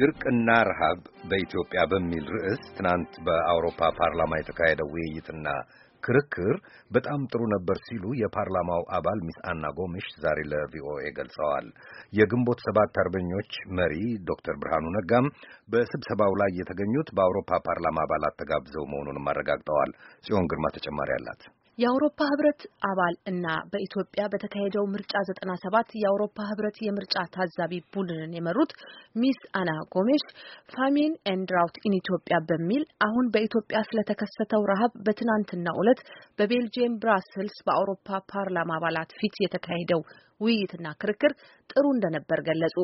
ድርቅና ረሃብ በኢትዮጵያ በሚል ርዕስ ትናንት በአውሮፓ ፓርላማ የተካሄደው ውይይትና ክርክር በጣም ጥሩ ነበር ሲሉ የፓርላማው አባል ሚስ አና ጎምሽ ዛሬ ለቪኦኤ ገልጸዋል። የግንቦት ሰባት አርበኞች መሪ ዶክተር ብርሃኑ ነጋም በስብሰባው ላይ የተገኙት በአውሮፓ ፓርላማ አባላት ተጋብዘው መሆኑንም አረጋግጠዋል። ጽዮን ግርማ ተጨማሪ አላት። የአውሮፓ ህብረት አባል እና በኢትዮጵያ በተካሄደው ምርጫ 97 የአውሮፓ ህብረት የምርጫ ታዛቢ ቡድንን የመሩት ሚስ አና ጎሜሽ ፋሚን ኤንድ ራውት ኢን ኢትዮጵያ በሚል አሁን በኢትዮጵያ ስለተከሰተው ረሃብ በትናንትናው ዕለት በቤልጅየም ብራስልስ በአውሮፓ ፓርላማ አባላት ፊት የተካሄደው ውይይትና ክርክር ጥሩ እንደነበር ገለጹ።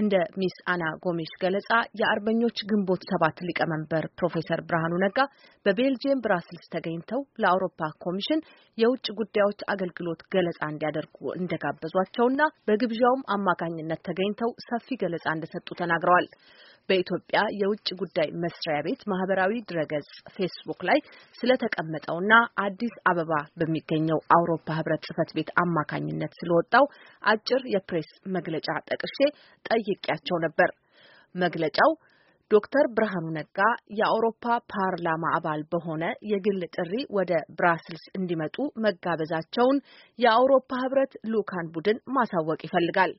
እንደ ሚስ አና ጎሜሽ ገለጻ የአርበኞች ግንቦት ሰባት ሊቀመንበር ፕሮፌሰር ብርሃኑ ነጋ በቤልጅየም ብራስልስ ተገኝተው ለአውሮፓ ኮሚሽን የውጭ ጉዳዮች አገልግሎት ገለጻ እንዲያደርጉ እንደጋበዟቸውና በግብዣውም አማካኝነት ተገኝተው ሰፊ ገለጻ እንደሰጡ ተናግረዋል። በኢትዮጵያ የውጭ ጉዳይ መስሪያ ቤት ማህበራዊ ድረገጽ ፌስቡክ ላይ ስለተቀመጠውና አዲስ አበባ በሚገኘው አውሮፓ ህብረት ጽህፈት ቤት አማካኝነት ስለወጣው አጭር የፕሬስ መግለጫ ጠቅሼ ጠይቄያቸው ነበር። መግለጫው ዶክተር ብርሃኑ ነጋ የአውሮፓ ፓርላማ አባል በሆነ የግል ጥሪ ወደ ብራስልስ እንዲመጡ መጋበዛቸውን የአውሮፓ ህብረት ልኡካን ቡድን ማሳወቅ ይፈልጋል።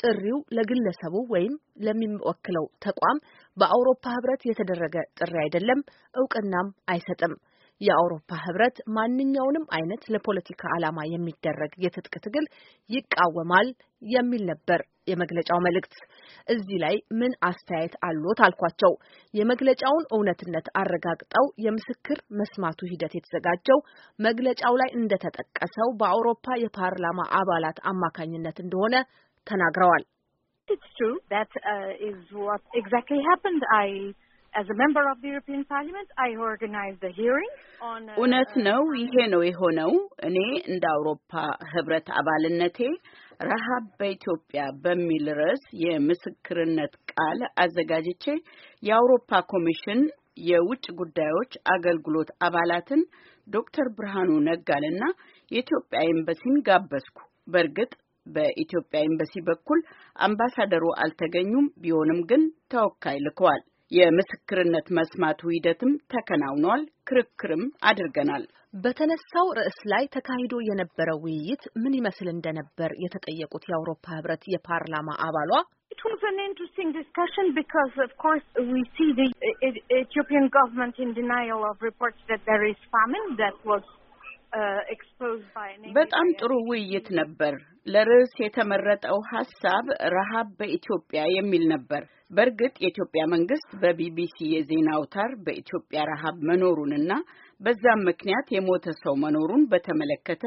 ጥሪው ለግለሰቡ ወይም ለሚወክለው ተቋም በአውሮፓ ህብረት የተደረገ ጥሪ አይደለም፣ እውቅናም አይሰጥም። የአውሮፓ ህብረት ማንኛውንም አይነት ለፖለቲካ ዓላማ የሚደረግ የትጥቅ ትግል ይቃወማል የሚል ነበር የመግለጫው መልእክት። እዚህ ላይ ምን አስተያየት አሉት አልኳቸው። የመግለጫውን እውነትነት አረጋግጠው የምስክር መስማቱ ሂደት የተዘጋጀው መግለጫው ላይ እንደተጠቀሰው በአውሮፓ የፓርላማ አባላት አማካኝነት እንደሆነ ተናግረዋል። uh, uh, እውነት ነው። ይሄ ነው የሆነው። እኔ እንደ አውሮፓ ህብረት አባልነቴ ረሃብ በኢትዮጵያ በሚል ርዕስ የምስክርነት ቃል አዘጋጅቼ የአውሮፓ ኮሚሽን የውጭ ጉዳዮች አገልግሎት አባላትን ዶክተር ብርሃኑ ነጋልና የኢትዮጵያ ኤምባሲን ጋበዝኩ። በእርግጥ በኢትዮጵያ ኤምባሲ በኩል አምባሳደሩ አልተገኙም። ቢሆንም ግን ተወካይ ልከዋል። የምስክርነት መስማቱ ሂደትም ተከናውኗል። ክርክርም አድርገናል። በተነሳው ርዕስ ላይ ተካሂዶ የነበረው ውይይት ምን ይመስል እንደነበር የተጠየቁት የአውሮፓ ህብረት የፓርላማ አባሏ It was an interesting discussion because, of course, we see the Ethiopian government in denial of reports that there is famine. That was በጣም ጥሩ ውይይት ነበር። ለርዕስ የተመረጠው ሀሳብ ረሃብ በኢትዮጵያ የሚል ነበር። በእርግጥ የኢትዮጵያ መንግስት በቢቢሲ የዜና አውታር በኢትዮጵያ ረሃብ መኖሩንና በዛም ምክንያት የሞተ ሰው መኖሩን በተመለከተ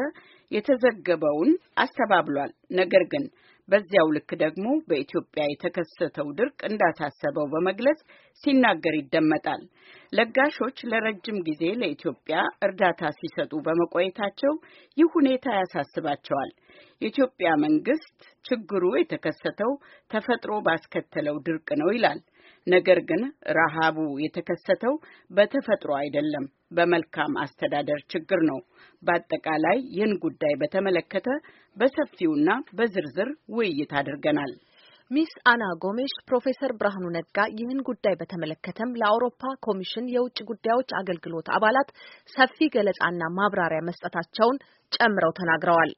የተዘገበውን አስተባብሏል። ነገር ግን በዚያው ልክ ደግሞ በኢትዮጵያ የተከሰተው ድርቅ እንዳሳሰበው በመግለጽ ሲናገር ይደመጣል። ለጋሾች ለረጅም ጊዜ ለኢትዮጵያ እርዳታ ሲሰጡ በመቆየታቸው ይህ ሁኔታ ያሳስባቸዋል። የኢትዮጵያ መንግስት ችግሩ የተከሰተው ተፈጥሮ ባስከተለው ድርቅ ነው ይላል። ነገር ግን ረሃቡ የተከሰተው በተፈጥሮ አይደለም፣ በመልካም አስተዳደር ችግር ነው። በአጠቃላይ ይህን ጉዳይ በተመለከተ በሰፊውና በዝርዝር ውይይት አድርገናል። ሚስ አና ጎሜሽ ፕሮፌሰር ብርሃኑ ነጋ ይህን ጉዳይ በተመለከተም ለአውሮፓ ኮሚሽን የውጭ ጉዳዮች አገልግሎት አባላት ሰፊ ገለጻና ማብራሪያ መስጠታቸውን ጨምረው ተናግረዋል።